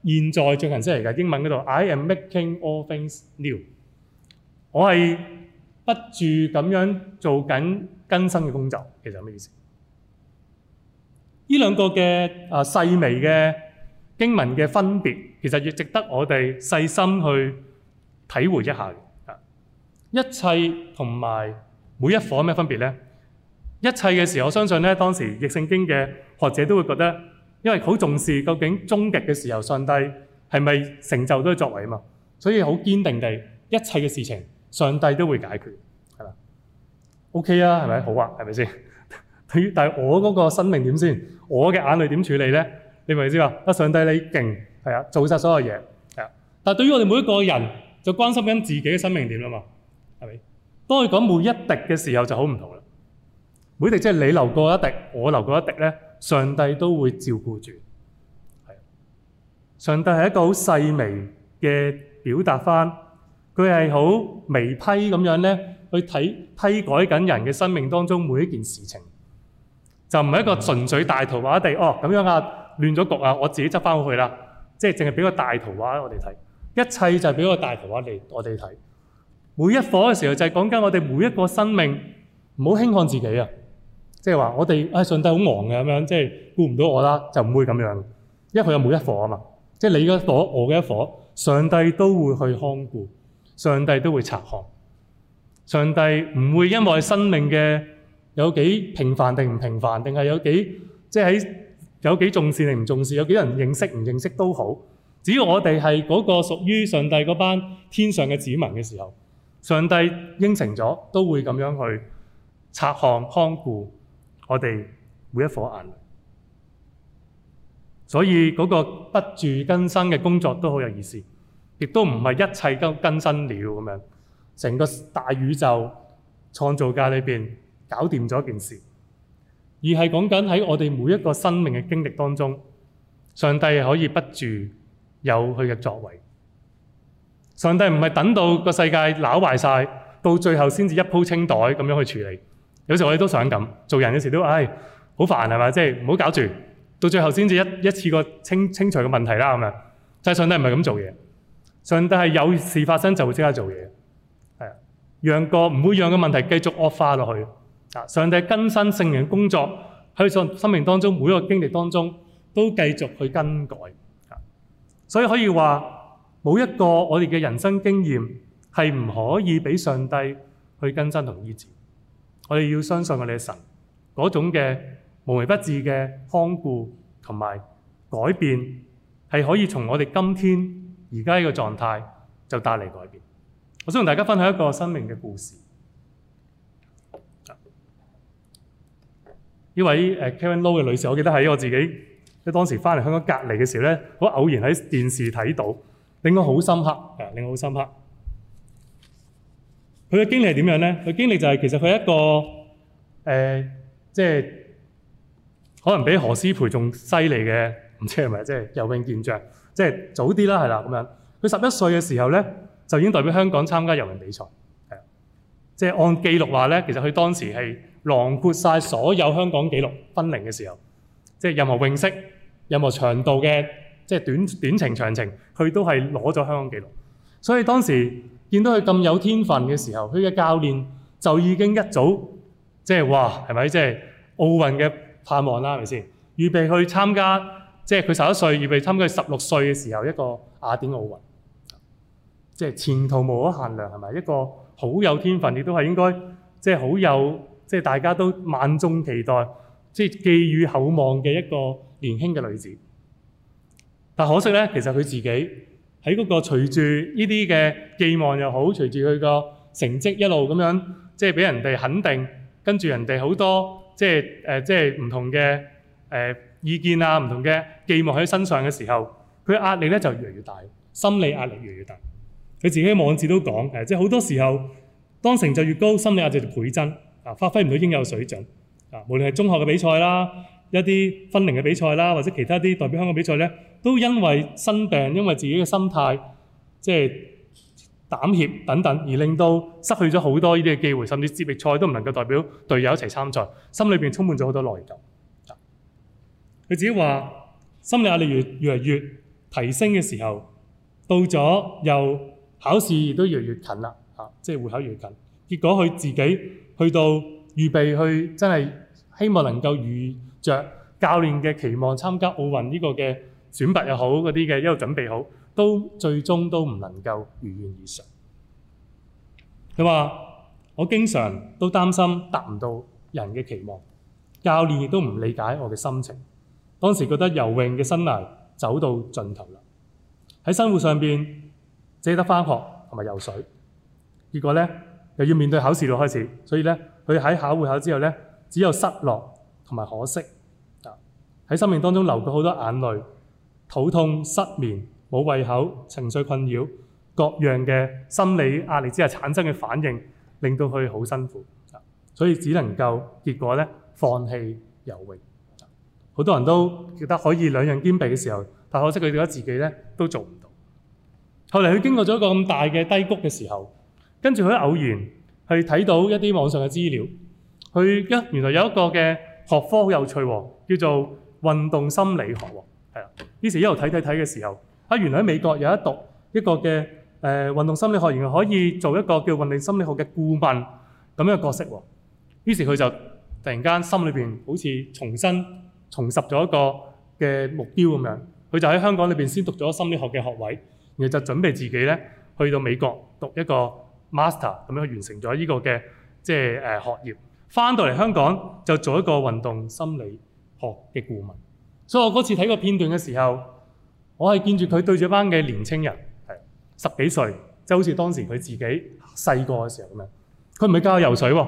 現在進行式嚟㗎，英文嗰度 I am making all things new，我係不住咁樣做緊更新嘅工作，其實係咩意思？依兩個嘅啊細微嘅經文嘅分別，其實亦值得我哋細心去體會一下嘅。一切同埋每一課有咩分別咧？一切嘅時候，我相信咧，當時譯聖經嘅學者都會覺得，因為好重視究竟終極嘅時候，上帝係咪成就都係作為啊嘛？所以好堅定地，一切嘅事情，上帝都會解決，係嘛？OK 啊，係咪好啊？係咪先？嗯、 但係我嗰個生命點先，我嘅眼淚點處理咧？你咪唔明先啊？上帝你勁係啊，做晒所有嘢係啊，但係對於我哋每一個人，就關心緊自己嘅生命點啊嘛？係咪？當佢講每一滴嘅時候，就好唔同每一滴即係、就是、你流過一滴，我流過一滴咧，上帝都會照顧住。係啊，上帝係一個好細微嘅表達翻，佢係好微批咁樣咧，去睇批改緊人嘅生命當中每一件事情，就唔係一個純粹大圖畫地的哦咁樣啊，亂咗局啊，我自己執翻好佢啦，即係淨係俾個大圖畫我哋睇，一切就係俾個大圖畫嚟我哋睇。每一火嘅時候就係講緊我哋每一個生命，唔好輕看自己啊！即係話我哋啊，上帝好忙嘅咁樣，即係顧唔到我啦，就唔會咁樣。因為佢有每一夥啊嘛，即係你嘅夥，我嘅夥，上帝都會去看顧，上帝都會察看，上帝唔會因為生命嘅有幾平凡定唔平凡，定係有幾即係喺有幾重視定唔重視，有幾人認識唔認識都好，只要我哋係嗰個屬於上帝嗰班天上嘅子民嘅時候，上帝應承咗都會咁樣去察看、看顧。我哋每一顆眼淚，所以嗰個不住更新嘅工作都好有意思，亦都唔係一切都更新了咁樣，成個大宇宙創造界裏面搞掂咗一件事，而係講緊喺我哋每一個生命嘅經歷當中，上帝可以不住有佢嘅作為。上帝唔係等到個世界攪壞晒，到最後先至一鋪清袋咁樣去處理。有時我哋都想咁做人，有時都唉好、哎、煩係嘛？即係唔好搞住，到最後先至一一次過清清除個問題啦咁樣。就係、是、上帝唔係咁做嘢，上帝係有事發生就會即刻做嘢，係讓個唔會讓嘅問題繼續惡化落去。啊，上帝更新聖靈工作喺生命當中每一個經歷當中都繼續去更改。所以可以話，冇一個我哋嘅人生經驗係唔可以俾上帝去更新同醫治。我哋要相信我哋嘅神嗰種嘅無微不至嘅看顧同埋改變，係可以從我哋今天而家呢個狀態就帶嚟改變。我想同大家分享一個生命嘅故事。呢位 Kevin Lowe 嘅女士，我記得喺我自己即係當時返嚟香港隔離嘅時候呢，好偶然喺電視睇到，令我好深刻，令我好深刻。佢嘅經歷係點樣咧？佢經歷就係其實佢一個誒、呃，即係可能比何詩蓓仲犀利嘅，唔知係咪？即係游泳健將，即係早啲啦，係啦咁樣。佢十一歲嘅時候咧，就已經代表香港參加游泳比賽，係啊。即係按記錄話咧，其實佢當時係囊括晒所有香港記錄分零嘅時候，即係任何泳式、任何長度嘅，即係短短程、長程，佢都係攞咗香港記錄。所以當時，見到佢咁有天分嘅時候，佢嘅教練就已經一早即係哇，係咪即係奧運嘅盼望啦？係咪先？預備去參加即係佢十一歲，預備參加十六歲嘅時候一個雅典奧運，即係前途無可限量係咪？一個好有天分，亦都係應該即係好有，即係大家都萬眾期待，即係寄予厚望嘅一個年輕嘅女子。但可惜咧，其實佢自己。喺嗰個隨住呢啲嘅寄望又好，隨住佢個成績一路咁樣，即係俾人哋肯定，跟住人哋好多即係誒，即係唔、呃、同嘅誒、呃、意見啊，唔同嘅寄望喺身上嘅時候，佢壓力咧就越嚟越大，嗯、心理壓力越嚟越大。佢自己嘅網誌都講誒，即係好多時候，當成就越高，心理壓力就倍增啊，發揮唔到應有水準啊。無論係中學嘅比賽啦，一啲分齡嘅比賽啦，或者其他啲代表香港嘅比賽咧。都因為生病，因為自己嘅心態，即係膽怯等等，而令到失去咗好多呢啲嘅機會，甚至接力賽都唔能夠代表隊友一齊參賽，心裏邊充滿咗好多內疚。佢自己話：心理壓力越越嚟越提升嘅時候，到咗又考試亦都越嚟越近啦，嚇，即係會考越近。結果佢自己去到預備去，真係希望能夠預著教練嘅期望，參加奧運呢個嘅選拔又好，嗰啲嘅一路準備好，都最終都唔能夠如願以償。佢話：我經常都擔心達唔到人嘅期望，教練亦都唔理解我嘅心情。當時覺得游泳嘅生涯走到盡頭啦。喺生活上面只得翻學同埋游水。結果呢，又要面對考試度開始，所以呢，佢喺考會考之後呢，只有失落同埋可惜。喺生命當中流過好多眼淚。肚痛、失眠、冇胃口、情緒困擾，各樣嘅心理壓力之下產生嘅反應，令到佢好辛苦，所以只能夠結果咧放棄游泳。好多人都覺得可以兩樣兼備嘅時候，但可惜佢哋自己咧都做唔到。後來佢經過咗一個咁大嘅低谷嘅時候，跟住佢偶然去睇到一啲網上嘅資料，佢一原來有一個嘅學科好有趣，叫做運動心理學。於是一路睇睇睇嘅時候，啊，原來喺美國有一讀一個嘅誒運動心理學，原來可以做一個叫運動心理學嘅顧問咁樣嘅角色喎。於是佢就突然間心裏邊好似重新重拾咗一個嘅目標咁樣，佢就喺香港裏邊先讀咗心理學嘅學位，然後就準備自己咧去到美國讀一個 Master 咁樣完成咗呢個嘅即係誒學業，翻到嚟香港就做一個運動心理學嘅顧問。所以我嗰次睇個片段嘅時候，我係見住佢對住班嘅年青人，係十幾歲，即係好似當時佢自己細個嘅時候咁樣。佢唔係教佢游水喎，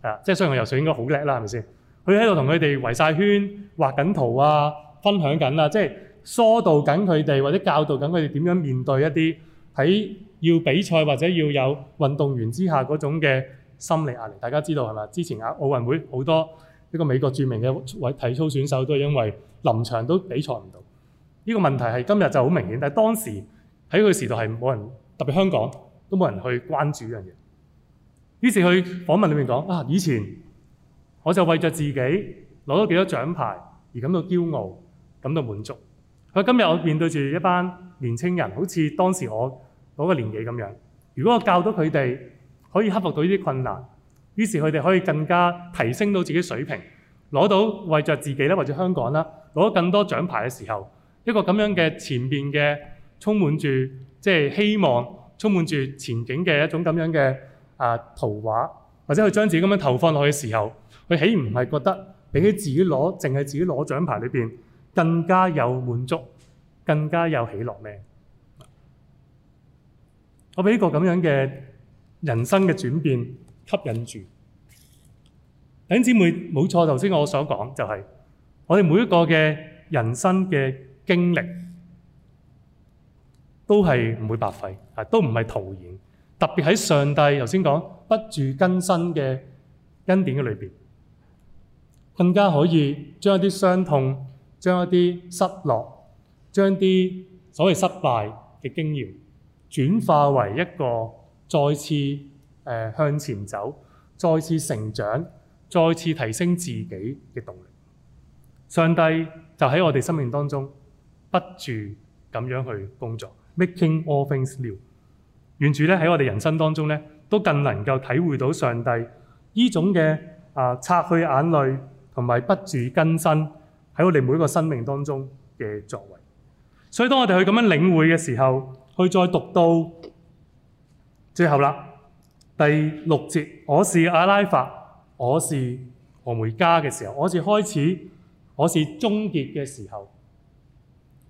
啊，即係所以我游水應該好叻啦，係咪先？佢喺度同佢哋圍晒圈畫緊圖啊，分享緊啊，即係疏導緊佢哋，或者教導緊佢哋點樣面對一啲喺要比賽或者要有運動員之下嗰種嘅心理壓力。大家知道係嘛？之前啊，奧運會好多一個美國著名嘅位體操選手都係因為臨場都比賽唔到，呢個問題係今日就好明顯，但係當時喺個時代係冇人，特別香港都冇人去關注一樣嘢。於是去訪問裏面講：啊，以前我就為咗自己攞咗幾多獎牌而感到驕傲，感到滿足。佢今日我面對住一班年青人，好似當時我嗰個年紀咁樣。如果我教到佢哋可以克服到呢啲困難，於是佢哋可以更加提升到自己水平。攞到為着自己或者香港啦，攞到更多獎牌嘅時候，一個這樣嘅前面嘅充滿住即係希望，充滿住前景嘅一種這樣嘅啊圖畫，或者佢將自己咁樣投放落去嘅時候，佢起唔係覺得比起自己攞淨係自己攞獎牌裏面更加有滿足，更加有喜樂咩？我俾呢個咁樣嘅人生嘅轉變吸引住。兄弟姊妹，冇錯，頭先我所講就係我哋每一個嘅人生嘅經歷都係唔會白費，啊，都唔係徒然。特別喺上帝頭先講不住更新嘅恩典嘅裏邊，更加可以將一啲傷痛、將一啲失落、將啲所謂失敗嘅經驗轉化為一個再次誒向前走、再次成長。再次提升自己的動力，上帝就在我們生命當中不住咁樣去工作，making all things new，願住咧喺我們人生當中咧都更能夠體會到上帝這種的啊擦去眼淚同埋不住更新在我們每個生命當中的作為。所以當我們去這樣領會的時候，去再讀到最後啦，第六節，我是阿拉法。我是俄梅加嘅時候，我是開始，我是終結嘅時候。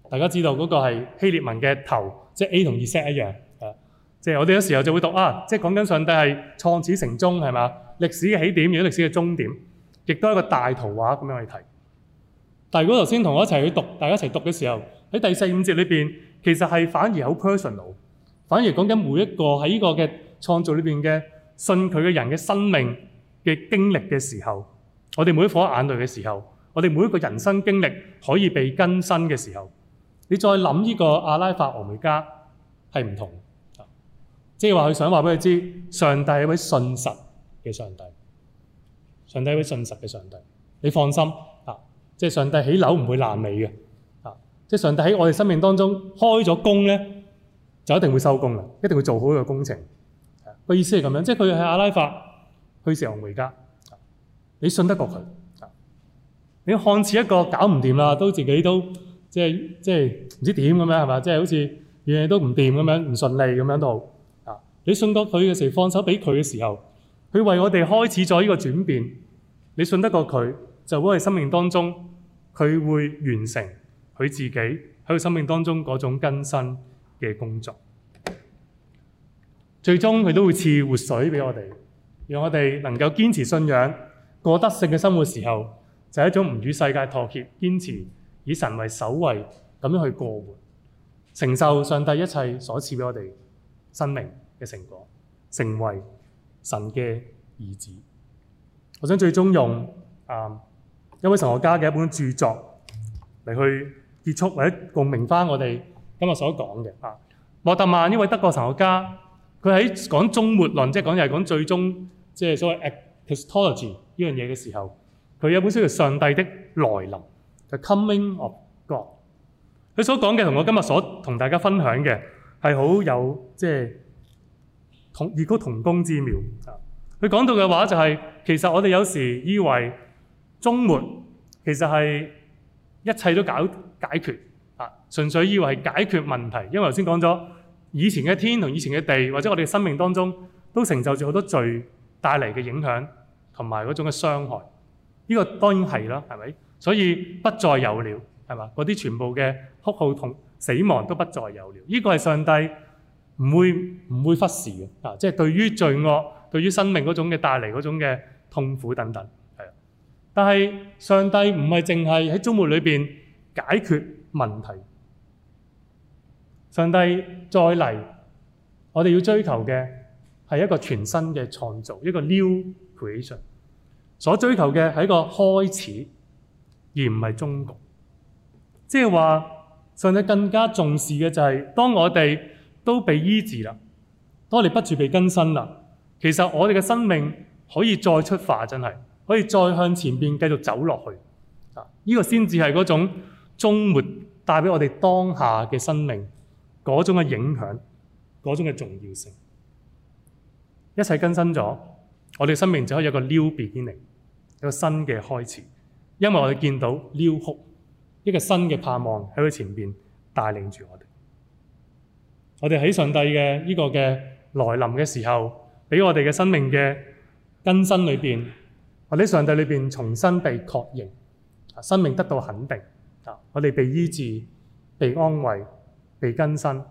大家知道嗰個係希列文嘅頭，即係 A 同二 set 一樣，係即是我哋有時候就會讀啊，即係講緊上帝係創始成終係嘛？歷史嘅起點與歷史嘅終點，亦都係一個大圖畫這樣去看。但係如果頭先同我一齊去讀，大家一齊讀嘅時候喺第四五節裏面，其實係反而好 personal，反而講緊每一個喺呢個嘅創造裏邊嘅信佢嘅人嘅生命。嘅經歷嘅時候，我哋每一顆眼淚嘅時候，我哋每一個人生經歷可以被更新嘅時候，你再諗呢個阿拉法俄梅加係唔同啊？即係話佢想話俾你知，上帝係一位信實嘅上帝，上帝係一位信實嘅上帝。你放心啊，即係上帝起樓唔會爛尾嘅啊！即係上帝喺我哋生命當中開咗工咧，就一定會收工嘞，一定會做好個工程。個意思係咁樣，即係佢係阿拉法。去時候回家，你信得過佢？你看似一個搞唔掂啦，都自己都即係即係唔知點咁樣係嘛？即係好似嘢都唔掂咁樣，唔順利咁樣都好。你信得過佢嘅時候，放手俾佢嘅時候，佢為我哋開始咗呢個轉變。你信得過佢，就會喺生命當中，佢會完成佢自己喺佢生命當中嗰種更新嘅工作。最終佢都會賜活水俾我哋。讓我哋能夠堅持信仰、過得勝嘅生活嘅時候，就係、是、一種唔與世界妥協、堅持以神為首位咁樣去過活，承受上帝一切所賜俾我哋生命嘅成果，成為神嘅兒子。我想最終用啊、嗯、一位神學家嘅一本著作嚟去結束或者共鳴返我哋今日所講嘅啊，莫特曼呢位德國神學家。佢喺講終末論，即係講又係講最終，即係所謂 eschatology 呢樣嘢嘅時候，佢有本書叫《上帝的來臨》，就 coming of God。佢所講嘅同我今日所同大家分享嘅係好有即係同異曲同工之妙啊！佢講到嘅話就係，其實我哋有時以為終末其實係一切都搞解決啊，純粹以為係解決問題，因為頭先講咗。以前嘅天同以前嘅地，或者我哋生命當中都承受住好多罪帶嚟嘅影響同埋嗰種嘅傷害，呢個當然係啦，係咪？所以不再有了，係嘛？嗰啲全部嘅哭號同死亡都不再有了。呢個係上帝唔會唔會忽視嘅啊！即係對於罪惡對於生命嗰種嘅帶嚟嗰種嘅痛苦等等，係啊。但係上帝唔係淨係喺終末裏邊解決問題。上帝再嚟，我哋要追求嘅係一個全新嘅創造，一個 new creation。所追求嘅係一個開始，而唔係終局。即係話，上帝更加重視嘅就係當我哋都被醫治了，當我們不住被更新了，其實我哋嘅生命可以再出發，真係可以再向前邊繼續走落去。啊，這個個先至係嗰種終末帶俾我哋當下嘅生命。嗰種嘅影響，嗰種嘅重要性，一切更新咗，我哋生命就可以有個 new beginning，有個新嘅開始。因為我哋見到 new hope，一個新嘅盼望喺佢前面帶領住我哋。我哋喺上帝嘅呢個嘅來臨嘅時候，俾我哋嘅生命嘅更新裏邊，我哋喺上帝裏面重新被確認，生命得到肯定，啊，我哋被醫治，被安慰。被更新，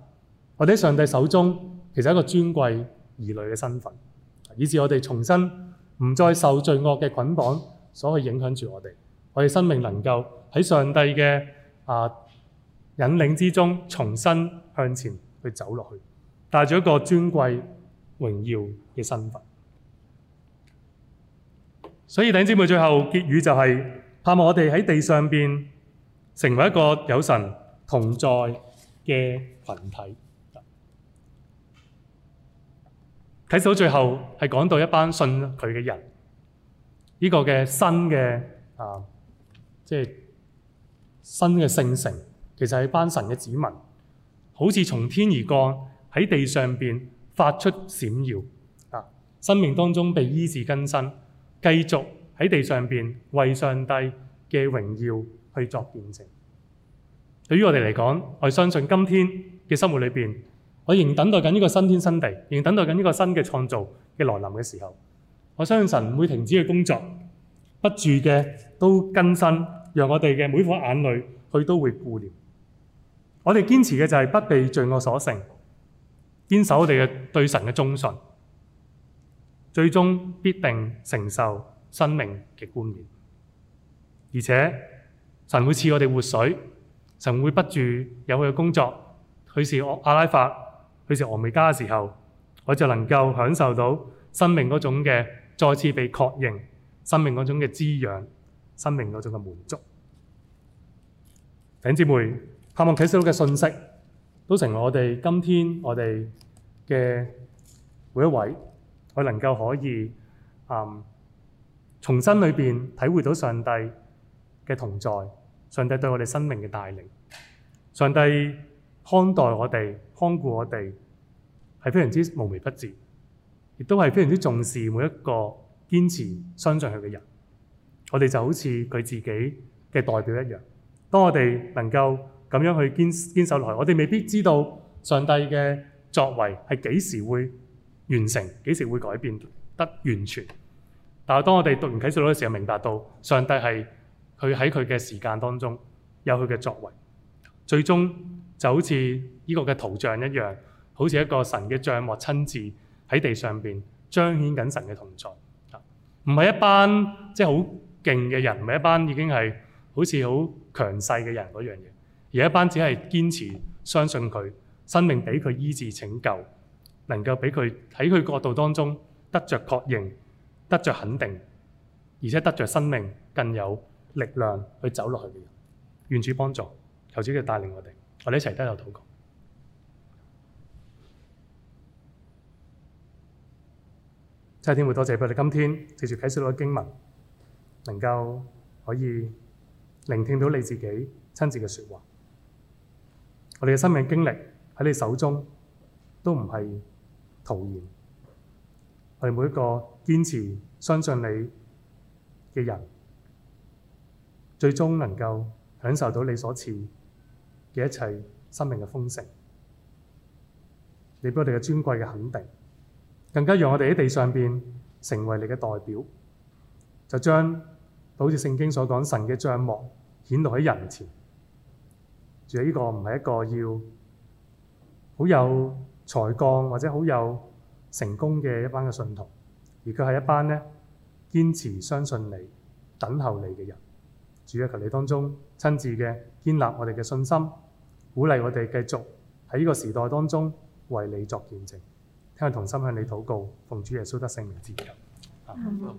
我哋上帝手中其實是一個尊貴兒女嘅身份，以致我哋重新唔再受罪惡嘅捆綁，所去影響住我哋，我哋生命能夠喺上帝嘅啊引領之中，重新向前去走落去，帶住一個尊貴榮耀嘅身份。所以，弟兄姊妹，最後結語就係、是、盼望我哋喺地上邊成為一個有神同在。嘅群體，睇到最後係講到一班信佢嘅人，呢、這個嘅新嘅啊，即、就、係、是、新嘅聖城，其實係班神嘅子民，好似從天而降喺地上邊發出閃耀啊！生命當中被醫治更新，繼續喺地上邊為上帝嘅榮耀去作見證。對於我哋嚟講，我相信今天嘅生活裏邊，我仍等待緊呢個新天新地，仍等待緊呢個新嘅創造嘅來臨嘅時候，我相信神唔會停止去工作，不住嘅都更新，讓我哋嘅每顆眼淚，佢都會顧念。我哋堅持嘅就係不被罪惡所勝，堅守我哋嘅對神嘅忠信，最終必定承受生命嘅冠冕。而且神會賜我哋活水。神會不住有佢嘅工作，佢是阿拉法，佢是俄美加嘅時候，我就能夠享受到生命嗰種嘅再次被確認，生命嗰種嘅滋養，生命嗰種嘅滿足。弟兄姊妹，盼望啟示錄嘅信息都成為我哋今天我哋嘅每一位，我能夠可以嗯從心裏面體會到上帝嘅同在。上帝對我哋生命嘅帶領，上帝看待我哋、看顧我哋，係非常之無微不至，亦都係非常之重視每一個堅持相信佢嘅人。我哋就好似佢自己嘅代表一樣。當我哋能夠咁樣去堅堅守落去，我哋未必知道上帝嘅作為係幾時會完成，幾時會改變得完全。但係當我哋讀完啟示錄嘅時候，明白到上帝係。佢喺佢嘅時間當中有佢嘅作為，最終就好似呢個嘅圖像一樣，好似一個神嘅帳幕親自喺地上邊彰顯緊神嘅同在，唔係一班即係好勁嘅人，唔係一班已經係好似好強勢嘅人嗰樣嘢，而一班只係堅持相信佢，生命，俾佢醫治拯救，能夠俾佢喺佢角度當中得着確認，得着肯定，而且得着生命，更有力量去走落去嘅人，願主幫助，求主嘅帶領我哋，我哋一齊都有禱告。天父多謝，我哋今天直接啟示到嘅經文，能夠可以聆聽到你自己親自嘅說話，我哋嘅生命經歷喺你手中都唔係徒然，係每一個堅持相信你嘅人。最終能夠享受到你所賜的一切生命的豐盛，你俾我們的尊貴的肯定，更加讓我們在地上成為你的代表，就將好似聖經所講神的帳幕顯露在人前。這個不是一個要很有才幹或者很有成功的一班的信徒，而佢是一班堅持相信你，等候你的人，主嘅求你當中親自嘅堅立我哋嘅信心，鼓勵我哋繼續喺呢個時代當中為你作見證。聽我同心向你禱告，奉主耶穌的聖名祈求。嗯